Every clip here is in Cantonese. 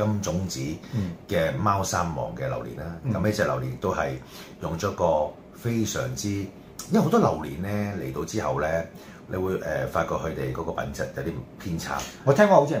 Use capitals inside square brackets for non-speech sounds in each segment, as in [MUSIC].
金、嗯、種子嘅貓山王嘅榴蓮啦，咁呢、嗯、隻榴蓮都係用咗一個非常之，因為好多榴蓮咧嚟到之後咧，你會誒、呃、發覺佢哋嗰個品質有啲偏差。我聽過好似係。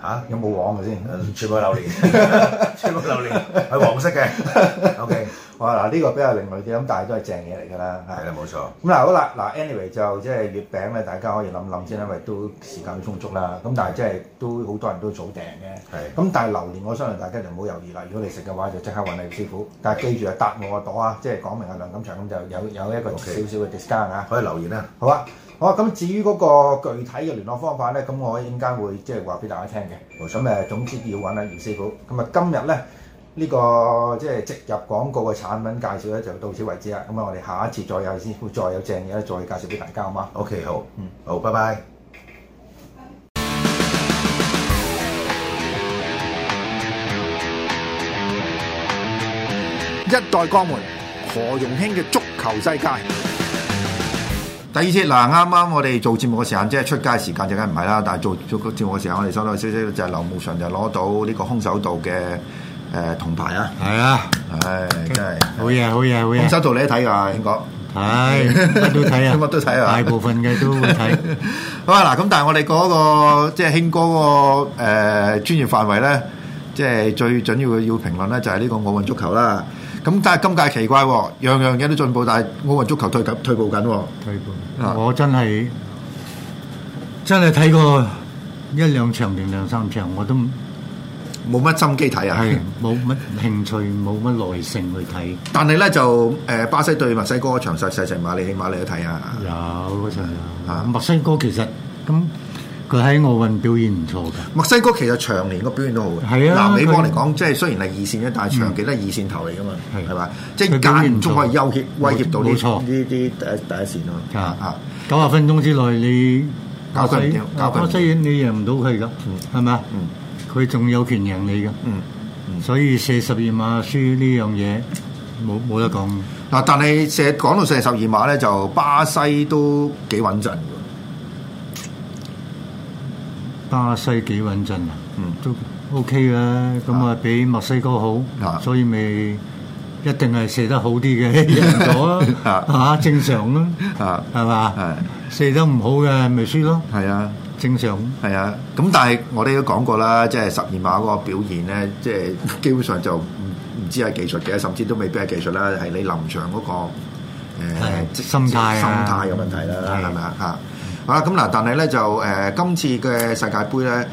啊、有冇黃嘅先？全部係榴槤， [LAUGHS] [LAUGHS] 全部係榴槤，係黃色嘅。OK。嗱，呢個比較另類啲，咁但係都係正嘢嚟㗎啦。係啦，冇錯。咁嗱，好啦，嗱，anyway 就即係月餅咧，大家可以諗諗先因為都時間充足啦。咁但係即係都好多人都早訂嘅。係。咁但係榴蓮，我相信大家就唔好猶豫啦。如果你食嘅話，就即刻揾阿姚師傅。但係記住啊，搭我個朵啊，即係講明阿梁錦祥咁就有有一個少少嘅 discount 啊。可以留言啊，好啊。好啊。咁至於嗰個具體嘅聯絡方法咧，咁我陣間會即係話俾大家聽嘅。咁誒，總之要揾阿姚師傅。咁啊，今日咧。呢個即係植入廣告嘅產品介紹咧，就到此為止啦。咁啊，我哋下一次再有先，會再有正嘢咧，再介紹俾大家，好嗎？OK，好，嗯，好，拜拜。一代鋼門何容興嘅足球世界。第二次，嗱，啱啱我哋做節目嘅時間，即係出街時間，就梗唔係啦。但係做做個節目嘅時間，我哋收到消息就係劉慕裳就攞到呢個空手道嘅誒銅牌啊！係啊！唉，真係好嘢，好嘢，好嘢！空手道你都睇㗎，興哥。係，乜都睇啊！興哥 [LAUGHS] 都睇啊！ [LAUGHS] 大部分嘅都會睇。 [LAUGHS] 好啊！嗱，咁但係我哋嗰、那個即係興哥個誒、呃、專業範圍咧，即、就、係、是、最緊要嘅要評論咧，就係、是、呢個奧運足球啦。咁但係今屆奇怪，樣樣嘢都進步，但係奧運足球退緊退步緊。退步。啊、我真係真係睇過一兩場定兩三場，我都。冇乜心機睇啊！冇乜興趣，冇乜耐性去睇。但係咧就誒巴西對墨西哥嘅場，細細細馬你起碼你都睇啊！有啊！墨西哥其實咁佢喺奧運表現唔錯㗎。墨西哥其實長年個表現都好嘅。啊，南美邦嚟講，即係雖然係二線啫，但係長期都係二線頭嚟㗎嘛。係係嘛？即係佢間唔中可以優協威脅到啲呢啲第一第一線啊！啊，九十分鐘之內你交對唔到，交對你贏唔到佢㗎，係嘛？嗯。佢仲有權贏你嘅，所以四十二碼輸呢樣嘢，冇冇得講。嗱，但係射講到四十二碼咧，就巴西都幾穩陣。巴西幾穩陣啊？嗯，都 OK 嘅，咁啊比墨西哥好，所以咪一定係射得好啲嘅贏咗啊！嚇正常啦，嚇係嘛？射得唔好嘅咪輸咯。係啊。正常。係啊，咁但係我哋都講過啦，即係十二碼嗰個表現咧，即係基本上就唔唔知係技術嘅，甚至都未必係技術啦，係你臨場嗰、嗰個誒、呃、心態、啊、心態有問題啦，係咪啊？嚇！好啦，咁嗱，但係咧就誒、呃、今次嘅世界盃咧，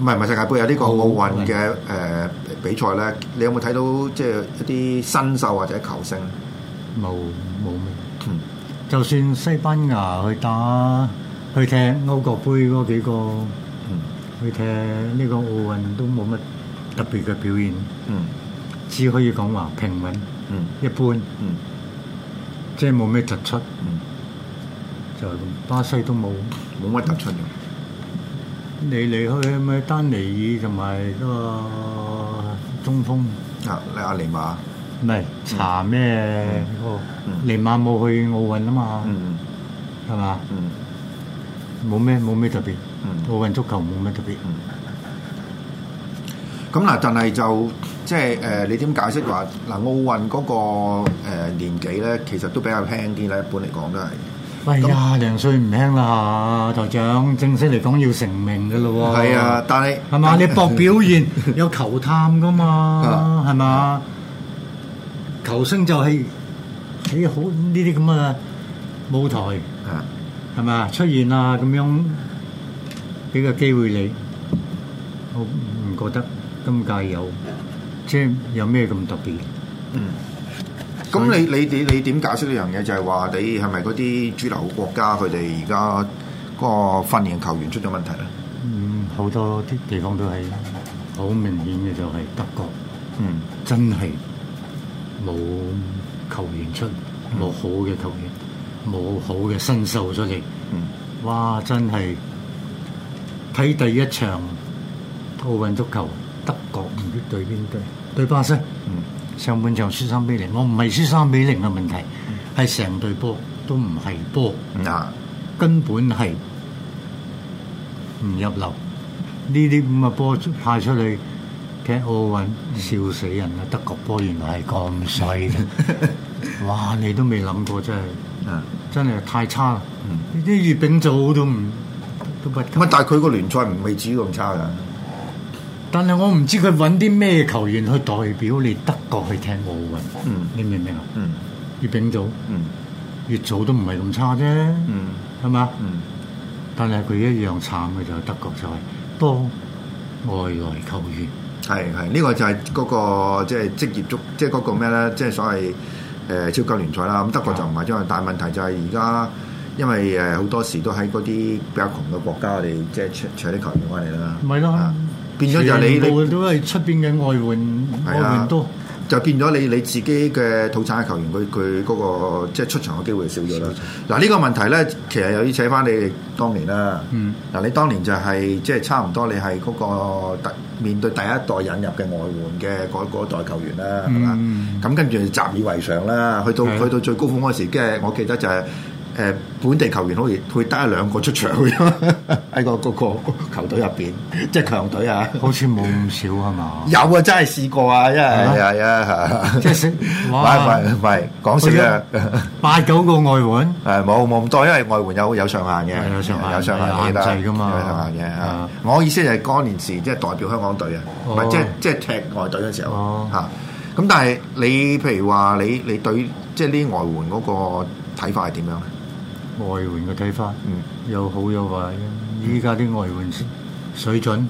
唔係唔係世界盃有呢、呢個奧運嘅誒比賽咧，你有冇睇到即係一啲新秀或者球星？冇冇咩？嗯，就算西班牙去打。去踢歐國杯嗰幾個，去踢呢個奧運都冇乜特別嘅表現，只可以講話平穩，一般，即係冇咩突出，就巴西都冇冇乜突出嘅。嚟嚟去去咪丹尼爾同埋嗰個中鋒，啊，阿尼馬，唔係查咩？尼馬冇去奧運啊嘛，係嘛？冇咩冇咩特別，奧運足球冇咩特別。咁嗱，但係就即係誒，你點解釋話嗱奧運嗰個誒年紀咧，其實都比較輕啲啦。一般嚟講都係。喂啊，廿零歲唔輕啦，台長。正式嚟講要成名㗎咯喎。係啊，但係係嘛？你搏表現有球探㗎嘛？係嘛？球星就係喺好呢啲咁嘅舞台啊。係咪出現啊？咁樣俾個機會你，我唔覺得今屆有，即係有咩咁特別？嗯，咁以你你你你點解釋呢樣嘢？就係、是、話你係咪嗰啲主流國家佢哋而家個訓練球員出咗問題咧？嗯，好多啲地方都係好明顯嘅，就係德國，嗯，真係冇球員出，冇、嗯、好嘅球員。冇好嘅新秀出嚟，哇！真係睇第一場奧運足球，德國唔知對邊隊？對巴西。嗯，上半場輸三比零。我唔係輸三比零嘅問題，係成、嗯、隊波都唔係波，嗯、根本係唔入流。呢啲咁嘅波派出嚟踢奧運笑死人啦！德國波原來係咁細。 [LAUGHS] 哇！你都未諗過真係，啊，真係太差啦！嗯，呢啲月炳祖都唔，都不但係佢個聯賽唔未至到咁差啊？但係我唔知佢搵啲咩球員去代表你德國去踢奧運？嗯，你明唔明啊？嗯，月炳祖，嗯，月祖都唔係咁差啫。嗯，係嘛吧？嗯，但係佢一樣慘嘅就係、是、德國就係多外來球員。係係，呢、這個就係嗰、那個即係職業足，即係嗰個咩咧？即、就、係、是、所謂。誒超級聯賽啦，咁德國就唔係，因為大問題就係而家，因為誒好多時都喺嗰啲比較窮嘅國家，我哋即係出請啲球員翻嚟啦。唔係咯，變咗就你都係出邊嘅外援，的外援多。就變咗你你自己嘅土產嘅球員，佢佢嗰個即係出場嘅機會少咗啦。嗱，呢、啊呢個問題咧，其實又要扯翻你哋當年啦。嗱、嗯啊，你當年就係、是、即係差唔多你、嗰個，你係嗰個面對第一代引入嘅外援嘅嗰嗰代球員啦。咁、嗯、跟住習以為常啦，去到的去到最高峰嗰時，即係我記得就係、是。誒本地球員可以可得一兩個出場喎，喺個嗰個球隊入邊，即係強隊啊！好似冇咁少係嘛？有啊，真係試過啊，因為係啊，即係少。唔係唔係講笑啫。八九個外援係冇冇咁多，因為外援有有上限嘅，有上限，有上限限制㗎嘛，有上限嘅。我意思就係嗰年時即係代表香港隊啊，唔係即係即係踢外隊嘅時候嚇。咁但係你譬如話你你對即係呢外援嗰個睇法係點樣咧？外援嘅睇法，嗯，有好有壞。依家啲外援水準，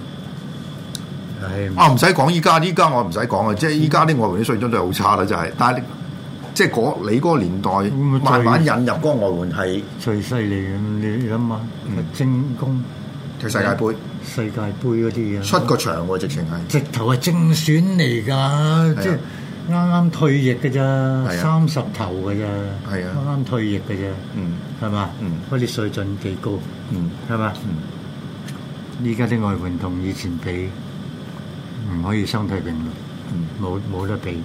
係啊，唔使講。依家依家我唔使講啊，即係依家啲外援啲水準都係好差啦，就係，是。但係即係你嗰個年代，慢慢引入嗰外援係最犀利嘅。你諗下，精工踢世界杯，世界杯嗰啲嘢，出個場喎，啊，直情係直頭係精選嚟㗎。的啱啱退役嘅啫，三十頭嘅啫，啱啱退役嘅啫，係嘛？嗰啲水準幾高，係嘛？依家啲外援同以前比唔可以相提並論，冇冇得比，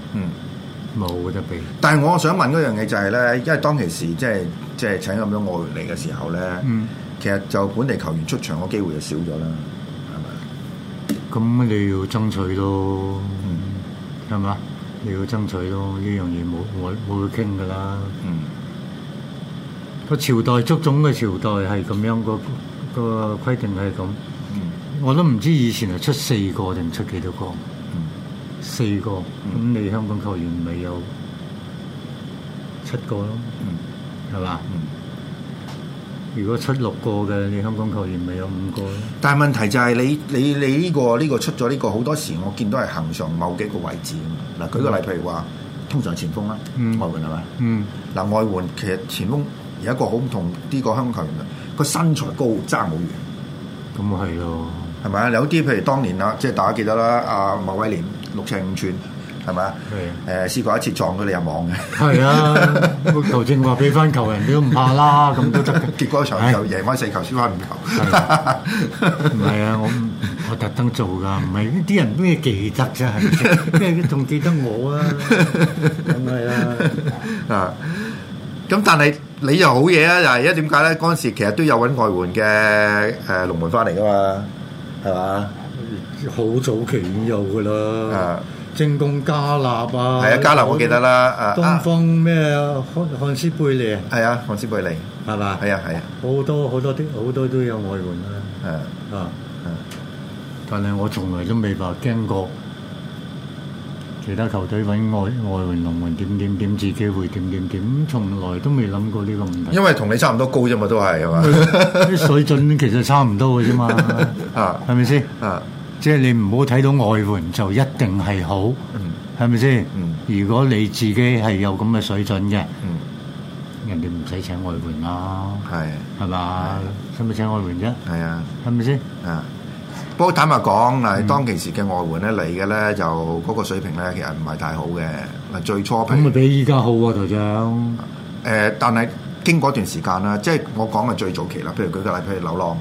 冇得比。但係我想問嗰樣嘢就係咧，因為當其時即係即係請咁多外援嚟嘅時候咧，其實就本地球員出場嘅機會就少咗啦，係咪？咁你要爭取咯，係咪啊？你要爭取咯，呢樣嘢冇冇冇去傾噶啦。嗯，個朝代足總嘅朝代係咁樣、嗰個、嗰個規定係咁。嗯，我都唔知以前係出四個定出幾多個。嗯，四個。嗯，咁你香港球員咪有七個咯。嗯，係嘛吧。嗯。如果出六個嘅，你香港球員咪有五個咧、嗯？但係問題就係你你你呢、呢個呢、呢個出咗呢、呢個好多時，我見都係行上某幾個位置。嗱，舉個例，譬如話，通常前鋒啦，嗯、外援係咪？嗱、嗯，外援其實前鋒有一個好唔同，呢個香港球員嘅個身材高爭冇完。咁啊係咯。係咪啊？有啲譬如當年啊，即大家記得啦，阿、啊、麥威廉六尺五寸。係嘛？誒試過一次撞到你入網嘅。係啊的，個球證話俾翻球人都唔怕啦，咁都得。 [LAUGHS] 結果場就贏翻四球是輸翻五球。唔、哎、係啊，我我特登做㗎，唔係啲人咩記得啫，咩都仲記得我啊，咁咪啦啊。咁、嗯嗯、但係你又好嘢啊，又係因為點解咧？嗰陣時其實都有揾外援嘅誒龍門翻嚟㗎嘛，係嘛？ [LAUGHS] 好早期已經有㗎啦。嗯正工加納啊，係啊，加納我記得啦，啊，東方咩漢漢斯貝利啊，係啊，漢斯貝利，係嘛，係啊，係吧啊,啊好，好多好多啲好多都有外援啦，係啊，啊,啊,啊，但係我從來都未話驚過其他球隊揾外外援龍門點點點,點自己會點點點，從來都未諗過呢個問題，因為同你差唔多高啫嘛，都係係嘛， [LAUGHS] [LAUGHS] 啲水準其實差唔多嘅啫嘛，係咪先？即係你唔好睇到外援就一定係好，係咪先？如果你自己係有咁嘅水準嘅，人哋唔使請外援啦，係係嘛？使咪請外援啫？係啊，係咪先？啊，不過坦白講，嗱，當其時嘅外援咧嚟嘅咧，就嗰個水平咧，其實唔係太好嘅。嗱，最初平咁咪比依家好喎，台長。誒，但係經過一段時間啦，即係我講嘅最早期啦，譬如舉個例，譬如流浪。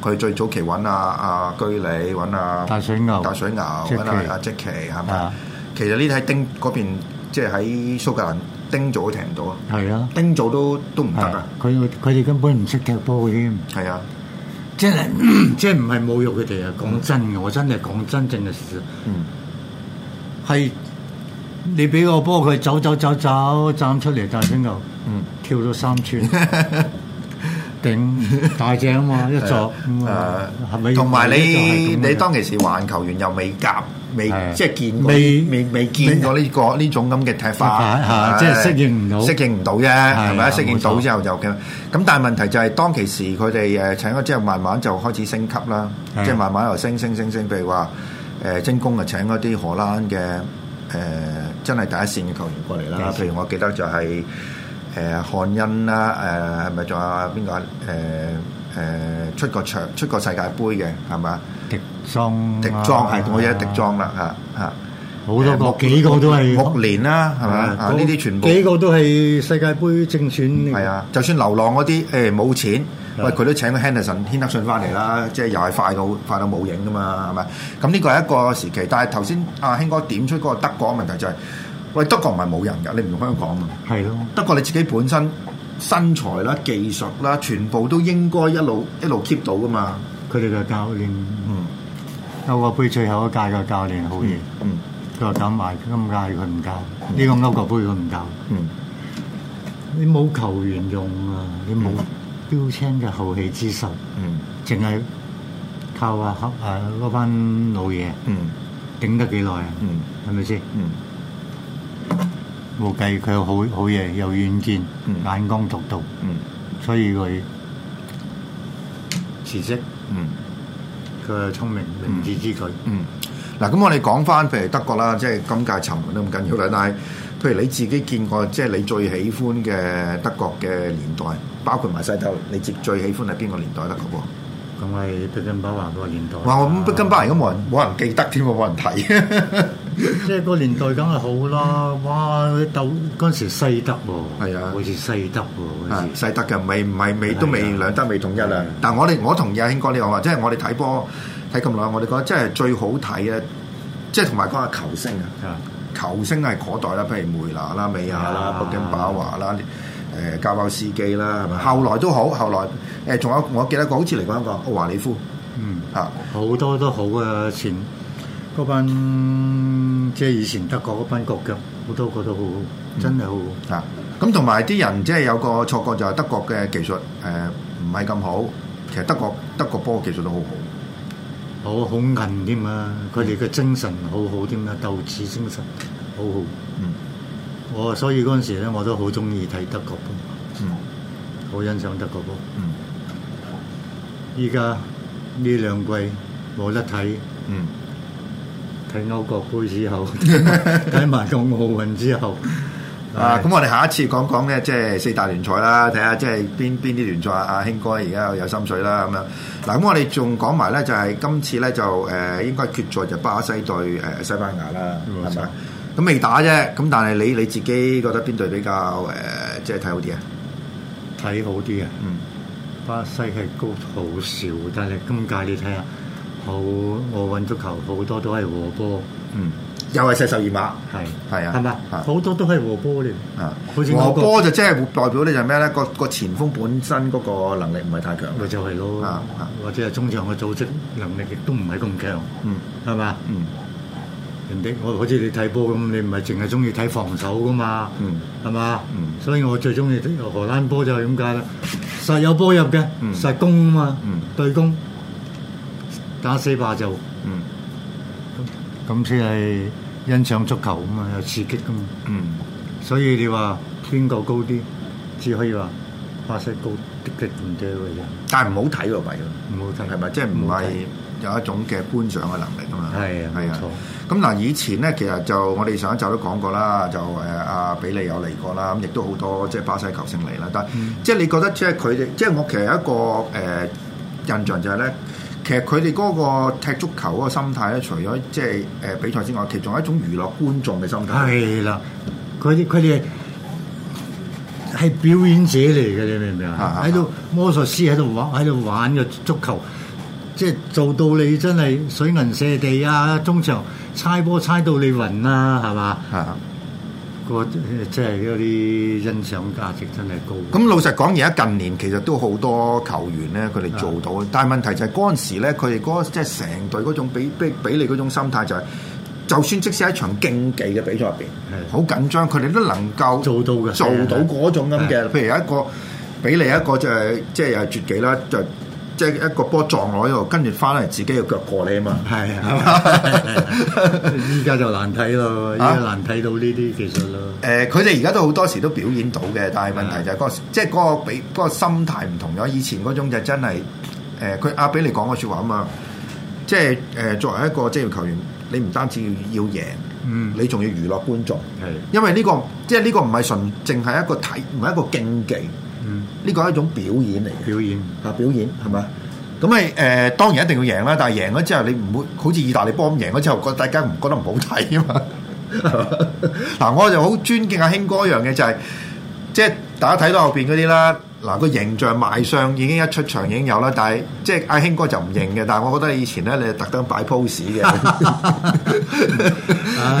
佢最早期揾阿阿居里，揾、啊、阿、啊、大，水大水牛，大水牛，揾阿阿積奇，係咪啊是是？其實呢啲喺丁嗰邊，即係喺蘇格蘭丁組都停唔到啊！係啊，丁組都都唔得啊！佢佢哋根本唔識踢波嘅添。係啊，即係即係唔係侮辱佢哋啊？講真，我真係講真正嘅事，嗯，係你俾個波佢走走走走，站出嚟大水牛，嗯，跳咗三寸。 [LAUGHS] 頂大隻啊嘛，一座咁啊，同埋你你當其時環球員又未夾，未即係見未未未見過呢個呢種咁嘅踢法嚇，即係適應唔到適應唔到啫，係咪啊適應到之後就嘅咁？但係問題就係當其時佢哋誒請咗之後，慢慢就開始升級啦，即係慢慢又升升升升。譬如話誒，精工就請嗰啲荷蘭嘅誒，真係第一線嘅球員過嚟啦。譬如我記得就係。誒漢恩啦，誒係咪仲有邊個？誒誒出個場出個世界盃嘅係咪？迪莊，迪莊係我而家迪莊啦嚇嚇，好多個幾個都係六年啦係咪？啊呢啲全部幾個都係世界盃正選係啊！就算流浪嗰啲誒冇錢喂，佢都請個亨德森、亨德森翻嚟啦，即係又係快到快到冇影噶嘛係咪？咁呢個係一個時期，但係頭先阿興哥點出嗰個德國問題就係。喂，德國唔係冇人㗎，你唔用咁樣講嘛？係咯，德國你自己本身身材啦、技術啦，全部都應該一路一路 keep 到㗎嘛？佢哋嘅教練，歐國杯最後一屆嘅教練好嘢，佢話減埋今屆佢唔教，呢個歐國杯佢唔教。你冇球員用啊，你冇標青嘅後起之秀，淨係靠啊合啊嗰班老嘢，頂得幾耐啊？係咪先？冇計，佢有好好嘢，有遠見，眼光獨到，所以佢辭職。嗯，佢係聰明明智之舉。嗯，嗱咁我哋講翻，譬如德國啦，即係今屆球門都咁緊要啦。但係譬如你自己見過，即係你最喜歡嘅德國嘅年代，包括埋西德，你最最喜歡係邊個年代得嘅噃？咁啊，碧根鮑華嗰個年代。哇，我諗碧根鮑華而家冇人冇人記得添喎，冇人睇。即係個年代梗係好啦，哇！啲斗嗰陣時西德喎，係啊，好似、啊、西德喎、啊、嗰、啊、西德嘅，未唔係未都未兩、啊、德未統一啊。但係我哋我同意阿、啊、興哥你講話，即係我哋睇波睇咁耐，我哋覺得即係最好睇嘅，即係同埋嗰個球星啊。球星係可待啦，譬如梅拿啦、美亞啦、碧根鮑華啦、誒、呃、加包斯基啦，係咪、啊？後來都好，後來誒仲、欸、有我記得好似嚟講一個奧華里夫，嗯啊，好多都好啊前。前嗰班即係以前德國嗰班國腳，我都覺得好好，嗯、真係好好。啊，咁同埋啲人即係有個錯覺就係德國嘅技術誒唔係咁好，其實德國德國波技術都好好，好好硬添啊！佢哋嘅精神好好添啊，鬥志精神好好。嗯，我所以嗰陣時咧，我都好中意睇德國波，嗯，好欣賞德國波。嗯，依家呢兩季冇得睇，嗯。睇歐國杯之後，睇埋個奧運之後，啊，咁我哋下一次講講咧，即係四大聯賽啦，睇下即係邊邊啲聯賽阿阿興哥而家有心水啦咁樣。嗱咁我哋仲講埋咧就係今次咧就誒應該決賽就巴西對誒西班牙啦，係咪啊？咁未打啫，咁但係你你自己覺得邊隊比較誒即係睇好啲啊？睇好啲啊，嗯，巴西係高好少，但係今屆你睇下。好，奧運足球好多都係和波，嗯，又係射十二碼，係係啊，係嘛，好多都係和波咧，啊，和波就即係代表咧就係咩咧？個個前鋒本身嗰個能力唔係太強，咪就係咯，啊，或者係中場嘅組織能力亦都唔係咁強，嗯，係嘛，嗯，人哋我好似你睇波咁，你唔係淨係中意睇防守噶嘛，嗯，係嘛，嗯，所以我最中意荷蘭波就係咁解啦，實有波入嘅，實攻啊嘛，嗯，對攻。打四霸就，嗯，咁先係欣賞足球啊嘛，又刺激噶嘛。嗯，所以你話邊個高啲？只可以話巴西高啲，的確唔錯嘅。但係唔好睇個位喎，唔好睇係咪？即係唔係有一種嘅觀賞嘅能力啊嘛？係啊，係啊。錯。咁嗱，以前咧，其實就我哋上一集都講過啦，就誒阿、啊、比利有嚟過啦，咁亦都好多即係巴西球星嚟啦。但係即係你覺得即係佢哋，即係我其實一個誒印象就係咧。其實佢哋嗰個踢足球嗰個心態咧，除咗即係誒、呃、比賽之外，其實仲有一種娛樂觀眾嘅心態。係啦，佢哋佢哋係表演者嚟嘅，你明唔明啊？喺度 [MUSIC] 魔術師喺度玩，喺度玩嘅足球，即係做到你真係水銀瀉地啊！中場猜波猜到你暈啊，係嘛？ [MUSIC] 我即係嗰啲欣賞價值真係高的。咁老實講，而家近年其實都好多球員咧，佢哋做到。的但係問題就係嗰陣時咧，佢哋嗰即係成隊嗰種俾俾俾你嗰種心態就係、是，就算即使一場競技嘅比賽入邊，好的緊張，佢哋都能夠做到嘅，做到嗰的種咁嘅。譬的如有一個俾你一個就係即係又係絕技啦。就是即係一個波撞落度，跟住翻嚟自己嘅腳過嚟啊嘛，係啊！依家 [LAUGHS] 就難睇咯，依家、啊、難睇到呢啲其實咯。誒、呃，佢哋而家都好多時都表演到嘅，但係問題就係嗰、那個，即係嗰個比嗰、就是、個心態唔同咗。以前嗰種就真係誒，佢、呃、阿比利講嘅説話啊嘛，即係誒作為一個職業球員，你唔單止要贏，嗯，你仲要娛樂觀眾，係、啊，因為呢、這個即係呢個唔係純淨係一個睇，唔係一個競技。嗯，呢個係一種表演嚟，嘅表演嚇、啊、表演係嘛？咁咪誒，嗎當然一定要贏啦！但係贏咗之後，你唔會好似意大利波咁贏咗之後，覺大家唔覺得唔好睇啊嘛？嗱、 [LAUGHS] 啊，我就好尊敬阿、啊、興哥一樣嘅，就係即係大家睇到後邊嗰啲啦。嗱、啊，個形象賣相已經一出場已經有啦。但係即係阿、啊、興哥就唔認嘅。但係我覺得以前咧，你係特登擺 pose 嘅，唔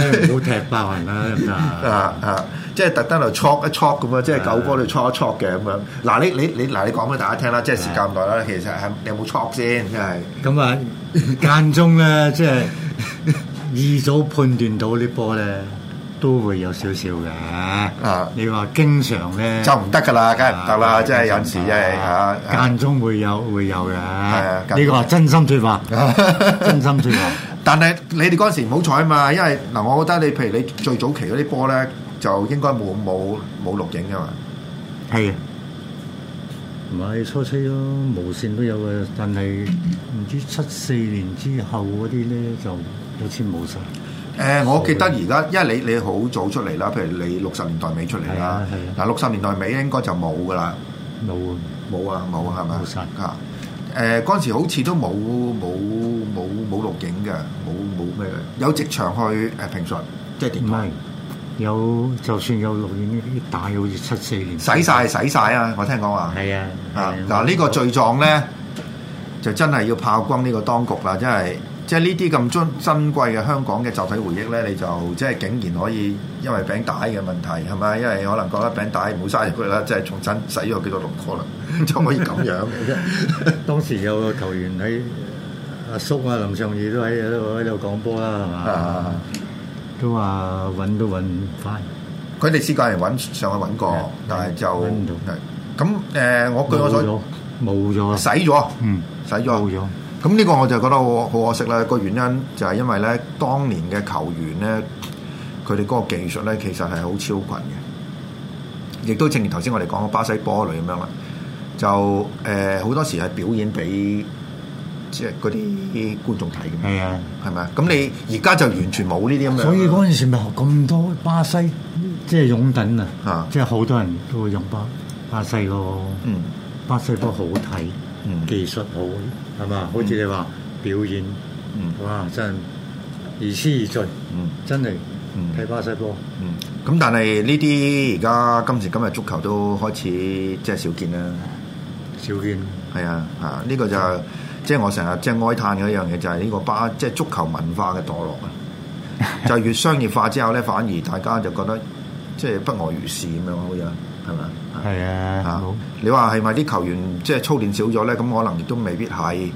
好 [LAUGHS] [LAUGHS] [LAUGHS] 踢爆人啦，啊 [LAUGHS] [LAUGHS] 啊！嗯即係特登嚟戳一戳咁樣，即係狗波嚟戳一戳嘅咁樣。嗱，你你你，嗱，你講俾大家聽啦，即係時間咁耐啦，其實係你有冇戳先？即係咁啊，間中咧，即係二早判斷到啲波咧，都會有少少嘅。啊，你話經常咧就唔得噶啦，梗係唔得啦，即係有時，即係啊，間中會有會有嘅。你話真心説話，真心説話。但係你哋嗰陣時唔好彩啊嘛，因為嗱，我覺得你譬如你最早期嗰啲波咧。就應該冇冇冇錄影嘅嘛？係啊，唔係初初咯，無線都有嘅，但係唔知七四年之後嗰啲咧就好似冇晒。誒，我記得而家，因為你你好早出嚟啦，譬如你六十年代尾出嚟啦，係啊，係啊。嗱，六十年代尾應該就冇噶啦，冇冇啊冇啊係咪？冇晒啊！誒，嗰陣時好似都冇冇冇冇錄影嘅，冇冇咩嘅，有直場去誒評述，即係點啊？有就算有六年呢啲打，又好似七四年，洗曬洗晒啊！我聽講話。係啊，嗱嗱呢個罪狀咧，就真係要炮轟呢個當局啦！真係，即係呢啲咁珍珍貴嘅香港嘅集體回憶咧，你就即係竟然可以因為餅帶嘅問題，係咪？因為可能覺得餅帶冇嘥咗佢啦，即係重新洗咗叫做六個啦，就可以咁樣。當時有個球員喺阿、啊、叔啊，林尚義都喺喺度講波啦，係嘛？ [LAUGHS] 佢話揾都揾翻，佢哋私家人揾上去揾過， [NOISE] 但係就咁誒，我據我所見，冇咗，洗 [NOISE] 咗，嗯，洗咗，冇咗。咁呢、嗯、個我就覺得好可惜啦。個原因就係因為咧，當年嘅球員咧，佢哋嗰個技術咧，其實係好超群嘅，亦都正如頭先我哋講嘅巴西波類咁樣啦。就誒，好、呃、多時係表演俾。即係嗰啲觀眾睇嘅，係啊，係咪？咁你而家就完全冇呢啲咁樣。所以嗰陣時咪學咁多巴西，即係擁躉啊！嚇，即係好多人都擁巴巴西咯。嗯，巴西都好睇，技術好，係嘛？好似你話表演，嗯，哇，真係如痴如醉，嗯，真係睇巴西波。嗯，咁但係呢啲而家今時今日足球都開始即係少見啦，少見。係啊，嚇！呢個就。即係我成日即係哀嘆嘅一樣嘢，就係呢個巴即係足球文化嘅墮落啊！ [LAUGHS] 就越商業化之後咧，反而大家就覺得即係不外如是咁樣，好似係咪？係啊，啊好。你話係咪啲球員即係操練少咗咧？咁可能亦都未必係，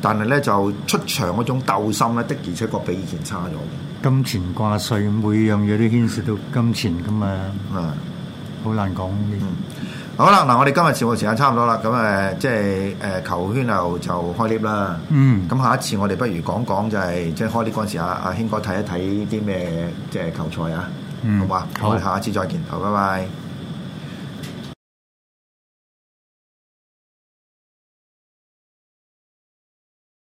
但係咧就出場嗰種鬥心咧，的而且確比以前差咗。金錢掛帥，每樣嘢都牽涉到金錢噶嘛，啊、嗯，好難講嘅。好啦，嗱，我哋今日節目時間差唔多啦，咁、嗯、誒，即係誒、呃，球圈又就開 lift 啦。嗯。咁下一次我哋不如講講就係、是、即係開 lift 嗰陣時，阿阿興哥睇一睇啲咩即係球賽啊。看看賽啊嗯。好嘛吧。好吧我哋下一次再見。好，拜拜。